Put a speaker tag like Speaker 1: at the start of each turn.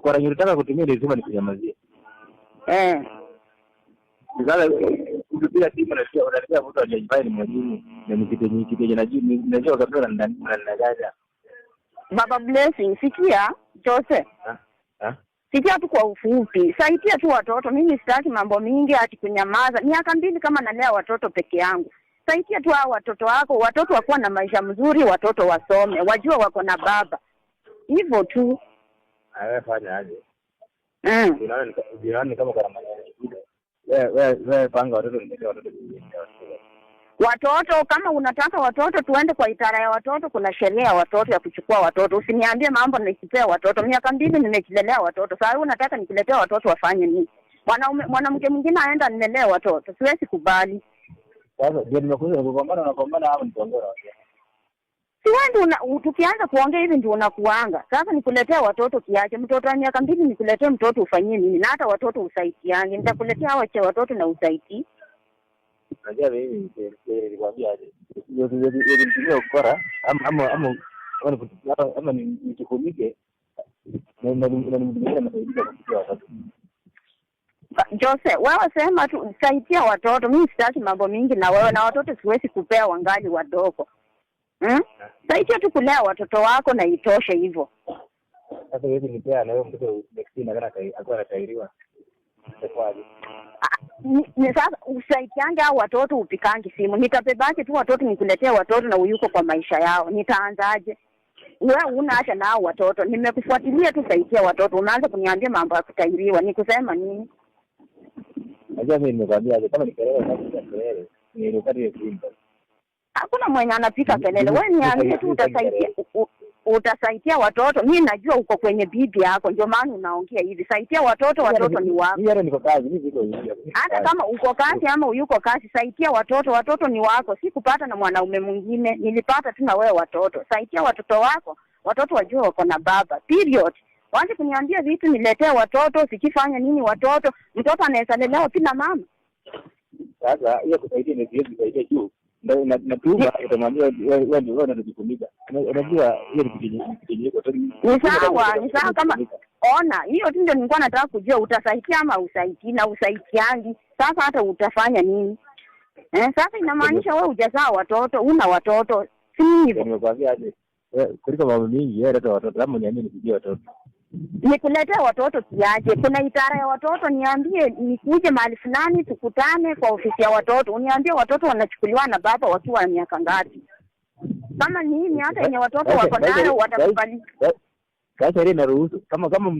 Speaker 1: kwa nini unataka kutumia lazima nikunyamazie? Eh, sasa ukipiga simu na sio unaletea mtu ajivai ni mwalimu na nikitenye kitenye na juu najua kwa sababu ndani na gaja.
Speaker 2: Baba Blessing, sikia Jose.
Speaker 1: Ah, ah.
Speaker 2: Sikia tu kwa ufupi, saidia tu watoto. Mimi sitaki mambo mingi ati kunyamaza. Miaka mbili kama nalea watoto peke yangu saidia tu hao watoto wako, watoto wakuwa na maisha mzuri, watoto wasome, wajua wako na baba, hivyo tu.
Speaker 1: Amefanya aje? Hmm. Jirani kama karama wewe, panga watoto,
Speaker 2: watoto. Kama unataka watoto, tuende kwa idara ya watoto. Kuna sheria ya watoto ya kuchukua watoto. Usiniambie mambo nikipea watoto. Miaka mbili nimekilelea watoto, saa hii unataka nikiletea watoto wafanye nini? Mwanamke mwingine aenda nilelee watoto, siwezi kubali.
Speaker 1: Sasa ndio nimekuja kugombana na kugombana hapo, nitaongea na
Speaker 2: Si wewe ndio tukianza kuongea hivi ndio unakuanga. Sasa nikuletea watoto kiache. Mtoto wa miaka mbili nikuletee mtoto ufanyie nini? Na hata watoto usaidiane. Nitakuletea hawa cha watoto na usaidi.
Speaker 1: Unajua mimi nilikwambia aje. Nilimtumia ama ama ama ama na watoto.
Speaker 2: Jose, wewe sema tu saidia watoto. Mimi sitaki mambo mingi na wewe na watoto siwezi kupea wangali wadogo hmm? Saicho tu kulea watoto wako na itoshe hivyo.
Speaker 1: Sasa hivi nipea ah,
Speaker 2: watoto, upikangi simu, nitabebaje tu watoto nikuletea watoto na uyuko kwa maisha yao, nitaanzaje? we una hata na hao watoto, nimekufuatilia tu, saidia watoto, unaanza kuniambia mambo ya kutairiwa, nikusema nini?
Speaker 1: Najua mimi nimekwambia kama ni kelele, ni wakati
Speaker 2: hakuna mwenye anapika kelele. Wewe niambie tu, utasaidia utasaidia watoto. Mi najua uko kwenye bibi yako, ndio maana unaongea hivi. Saidia watoto, watoto ni wako. Hata kama uko kazi ama uyuko kazi, saidia watoto, watoto ni wako. si kupata na mwanaume mwingine, nilipata tu na wewe. Watoto, saidia watoto wako, watoto wajua wako na baba, period. Wanze kuniambia vitu, niletee watoto, sikifanya nini watoto. Mtoto anaweza lelewa pina mama.
Speaker 1: Sasa hiyo kusaidia ni vipi? Kusaidia juu ni
Speaker 2: sawa, ni sawa. Kama ona, hiyo tu ndio nilikuwa nataka kujua, utasaidia ama usaidii na usaidiangi. Sasa hata utafanya nini eh? Sasa inamaanisha wewe ujazaa watoto, una watoto, si
Speaker 1: hivyo? kuliko mambo mingi, yeye watoto, ama niamini, sijui watoto
Speaker 2: nikuletee watoto siaje? Kuna idara ya watoto, niambie nikuje mahali fulani, tukutane kwa ofisi ya watoto, uniambie watoto wanachukuliwa na baba wakiwa miaka ngapi? Kama nini miaka yenye watoto wako nayo watakubali
Speaker 1: sasa ile inaruhusu kama kama